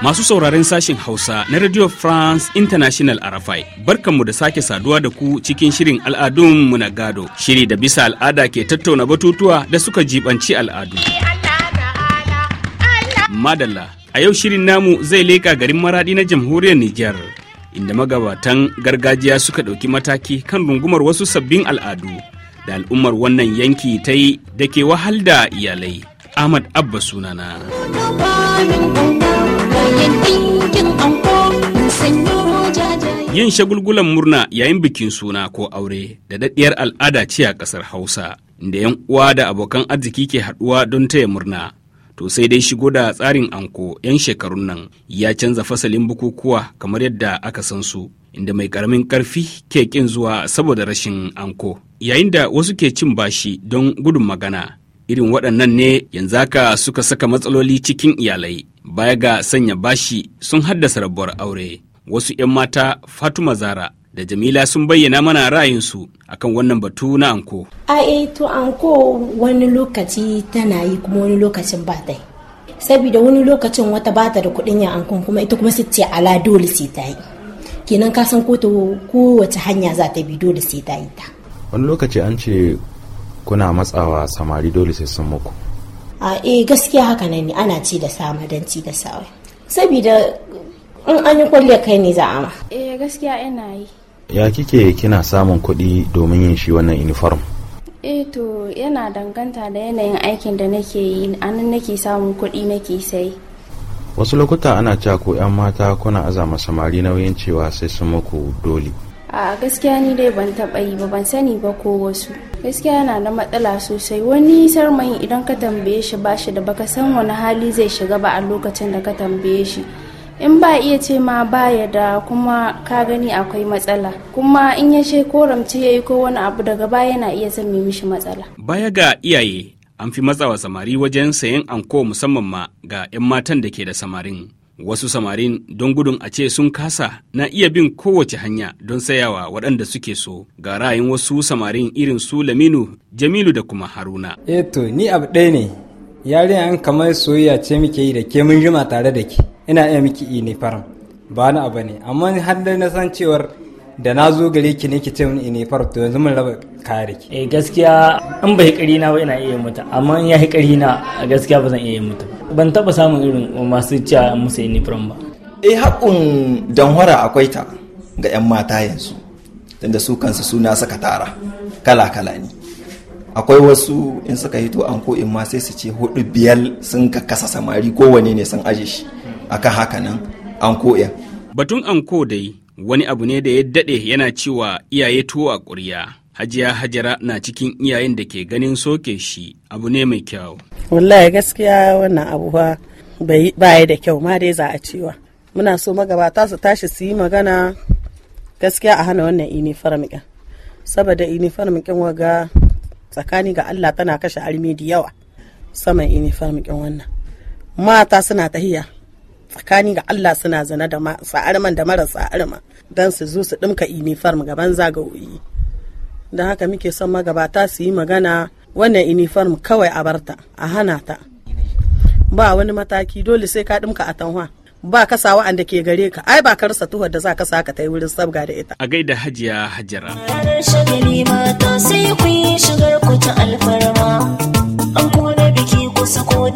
Masu sauraren sashen Hausa na Radio France International Arafai, barkanmu da sake saduwa da ku cikin shirin al'adun mu na gado, shiri da bisa al'ada ke tattauna batutuwa da suka jibanci al'adu. Madalla, a yau shirin namu zai leƙa garin maradi na jamhuriyar Nijar. Inda magabatan gargajiya suka ɗauki mataki kan rungumar wasu sabbin al'adu da al'ummar wannan yanki ta yi da ke wahal da iyalai. Ahmad Abba sunana. Yin shagulgulan murna yayin bikin suna ko aure da daɗiyar al'ada ce a ƙasar Hausa, inda 'yan uwa da abokan arziki ke haɗuwa don taya murna. To sai dai shigo da tsarin anko 'yan shekarun nan ya canza fasalin bukukuwa kamar yadda aka san su, inda mai ƙaramin ƙarfi ke ƙin zuwa saboda rashin anko. Yayin da wasu ke cin bashi don gudun magana, irin waɗannan ne yanzu haka suka saka matsaloli cikin iyalai baya ga sanya bashi sun haddasa rabuwar aure wasu 'yan mata fatuma zara da jamila sun bayyana mana ra'ayinsu akan wannan batu na anko a to anko wani lokaci tana yi kuma wani lokacin ba ta yi saboda wani lokacin wata ba ta da kuɗin yin anko kuma ita kuma su ce ala dole sai ta yi kenan ka san ko kowace hanya za ta bi dole sai ta yi ta wani lokaci an ce kuna matsawa samari dole sai sun muku a eh gaskiya haka nan ne ana ci da don ci da sawa saboda in an yi kwalle kai ne za a ma eh gaskiya ina yi ya kike kina samun kuɗi domin yin shi wannan uniform eh to yana danganta da yanayin aikin da nake yi anan nake samun kuɗi nake sai wasu lokuta ana cewa ko 'yan mata kuna azama samari nauyin cewa sai sun muku dole a gaskiya ni dai ban taba yi ba ban sani ba ko wasu gaskiya yana da matsala sosai wani sarmayin idan ka tambaye shi ba shi da baka san wani hali zai shiga ba a lokacin da ka tambaye shi in ba iya ce ma baya da kuma ka gani akwai matsala kuma in ya she koramci ya yi ko wani abu daga baya yana iya mai mishi matsala baya ga iyaye an fi matsawa samari wajen sayan anko musamman ma ga 'yan matan da ke da samarin wasu samarin don gudun a ce sun kasa na iya bin kowace hanya don sayawa waɗanda suke so ga ra'ayin wasu samarin irin su laminu jamilu da kuma haruna eto eh ni abu ɗaya ne yarinya an kamar soyayya ce muke yi da ke mun jima tare da ke ina iya miki yi ne faram ba na abu ne amma har na san cewar da na zo gare ki ne ki ce mun ine faram to yanzu mun raba kare ki eh gaskiya in bai kari na ba ina iya mata amma in ya kari na gaskiya ba zan iya mata ban taba samun irin masu cewa musu uniform ba eh haƙun danwara akwai ta ga 'yan mata yanzu tunda su kansu suna tara, kala-kala ne akwai wasu in suka hito an ko in ma sai su ce hudu biyar sun ka kasa samari kowane ne sun aje shi akan haka nan an ko ya. batun an ko dai wani abu ne da ya daɗe yana cewa iyaye tuwo a ƙuriya hajiya hajara na cikin iyayen da ke ganin soke shi abu ne mai kyau wallahi gaskiya wannan ba yi da kyau ma dai za a cewa muna so magabata su tashi su yi magana gaskiya a hana wannan ini farmikin saboda ini farmikin waga tsakani ga Allah tana kashe armi da yawa saman ini farmikin wannan mata suna tahiya tsakani ga Allah suna zana da sa'arman da marasa arma don su zo su ɗimka farm gaban zagawoyi da haka muke son magabata su yi magana wannan uniform kawai a barta a hana ta ba wani mataki dole sai ka dimka a tanwa ba ka sa wa'anda ke gare ka ai ba ka rasa tuhar da za ka sa ka ta yi wurin sabga da ita a gaida hajiya hajjara mata sai ku yi shigar alfarma an biki kusa ko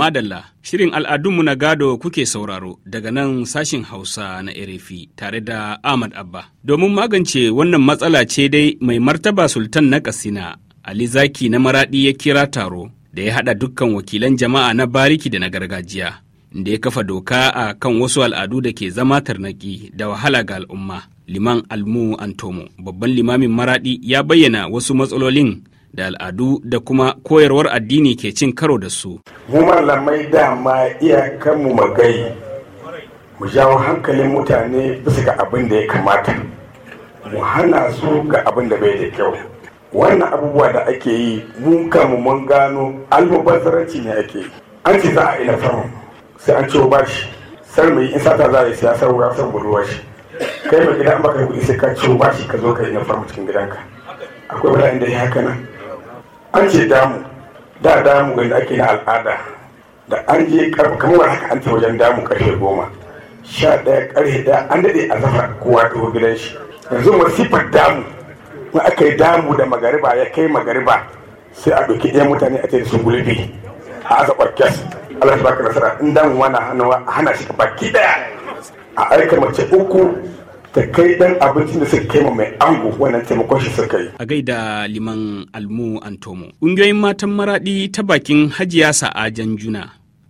madalla shirin al'adunmu na gado kuke sauraro daga nan sashin hausa na erefi tare da ahmad abba domin magance wannan matsala ce dai mai martaba sultan na kasina ali zaki na maradi ya kira taro da ya hada dukkan wakilan jama'a na bariki da na gargajiya da ya kafa doka a kan wasu al'adu da ke zama tarnaki da wahala ga al'umma liman almu antomo babban limamin maradi ya bayyana wasu matsalolin da al'adu da kuma koyarwar addini ke cin karo da su. Mu malamai da ma dama iyakanmu magai mu jawo hankalin mutane bisa ga abin da ya kamata mu hana su ga abin da bai da kyau. Wannan abubuwa da ake yi mun kamu mun gano almubazzaranci ne ake yi. An ce za a ina samu sai an ciwo bashi sai mai in sata za a yi siyasar wuya san buruwa shi. Kai mai gida an baka kuɗi sai ka ciwo bashi ka zo ka ina farmu cikin gidanka. Akwai wani inda ya haka nan. an ce damu da damu wanda ake na al'ada da an je kamar haka an ce wajen damu karfe goma sha ɗaya karfe da an daɗe a zafa kowa ta gidan shi yanzu masifar damu in aka yi damu da magariba ya kai magariba sai a ɗauki ɗaya mutane a cikin sun gulbi a asa orkes Allah ya baka nasara in damu wana hana shi baki ɗaya a aika mace uku kai dan abincin da suka kai mai ango wannan taimakon shi suka yi. A gaida liman almu antomo. Ƙungiyoyin matan maraɗi ta bakin hajiya sa'a juna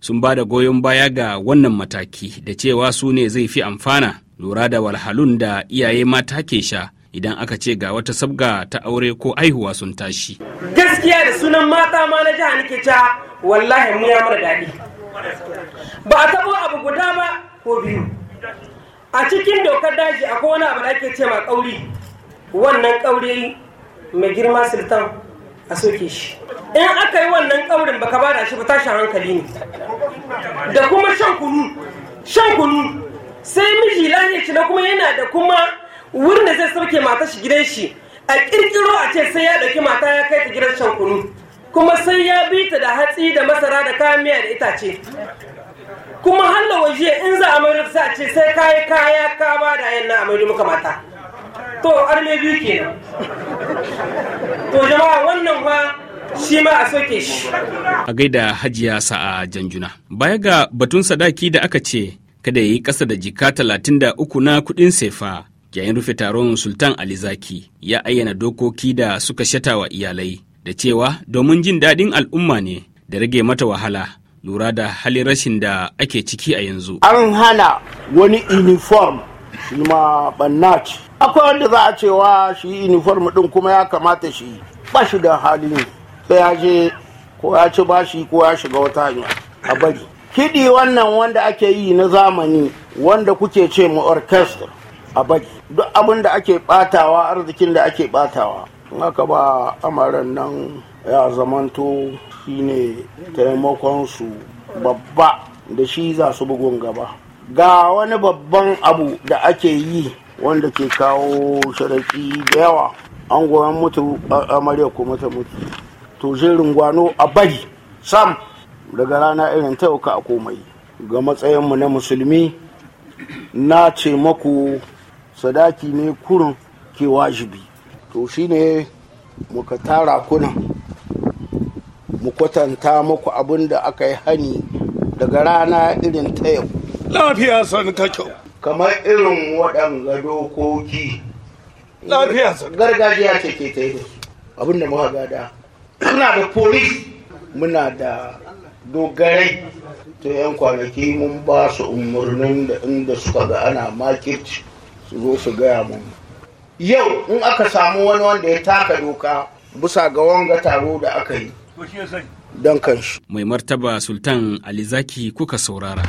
sun ba da goyon baya ga wannan mataki da cewa su ne zai fi amfana lura da walhalun da iyaye mata ke sha idan aka ce ga wata sabga ta aure ko aihuwa sun tashi. Gaskiya da sunan mata ma na jiha nake ta wallahi mu ya mara daɗi. Ba a taɓo abu guda ba ko biyu. a cikin dokar daji akwai wani abu da ake ce ma kauri wannan kauri mai girma sultan a soke shi in aka yi wannan kaurin baka ba da shi ba tashin hankali ne da kuma shan kunu shan kunu sai miji lahiyar na kuma yana da kuma wurin da zai sauke mata shi gidan shi a kirkiro a ce sai ya ɗauki mata ya kai ta gidan shan kunu kuma sai ya bi ta da hatsi da masara da kayan miya da itace kuma halla waje in za a mai sa ce sai kayi kaya ka ba da yan na a mai muka mata to mai biyu ke to jama'a wannan fa shi ma a soke shi a gaida hajiya sa'a janjuna baya ga batun sadaki da aka ce kada ya yi kasa da jika talatin da uku na kudin sefa yayin rufe taron sultan ali zaki ya ayyana dokoki da suka shata wa iyalai da cewa domin jin daɗin al'umma ne da rage mata wahala lura da halin rashin da ake ciki a yanzu. An hana wani uniform shi ma Akwai wanda za a cewa shi uniform din kuma ya kamata shi ba shi da halin sai ya je ko ya ci ba shi, ko ya shiga wata hanya a bari. Kiɗi wannan wanda ake yi na zamani wanda kuke ce mu orchestra a bari. Duk abin da ake batawa arzikin da ake batawa. Haka ba amaran nan ya zamanto ne taimakon su babba da shi za su bugun gaba ga wani babban abu da ake yi wanda ke kawo sharaki da yawa an goyon mutu amarya ko mata mutu to shirin gwano a bari sam daga rana irin ta a komai ga matsayinmu na musulmi na ce maku sadaki ne kurin ke wajibi to shine muka tara kunan mu kwatanta muku abin da aka yi hani daga rana irin ta yau lafiya ka kyau. kamar irin waɗanga dokoki lafiya gargajiya ce ke ta yi abin da muka gada muna da polis muna da dogarai to yan kwanaki mun ba su umarnin da inda suka ga ana maket su zo su gaya mun yau in aka samu wani wanda ya taka doka bisa ga wanga taro da aka yi don kansu. Mai martaba Sultan Alizaki kuka saurara.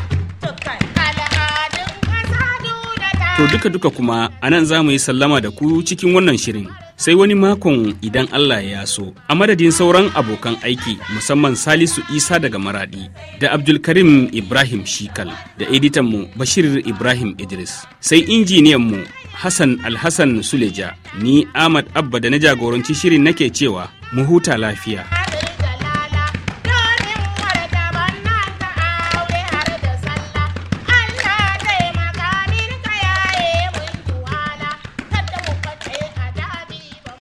To duka-duka kuma a nan za mu yi sallama da ku cikin wannan shirin. Sai wani makon idan Allah ya so, a madadin sauran abokan aiki musamman Salisu Isa daga Maradi da Abdulkarim Ibrahim Shikal da editanmu Bashir Ibrahim Idris. Sai injiniyanmu Hassan Alhassan Suleja, ni Ahmad Abba da na jagoranci shirin nake cewa mu huta lafiya.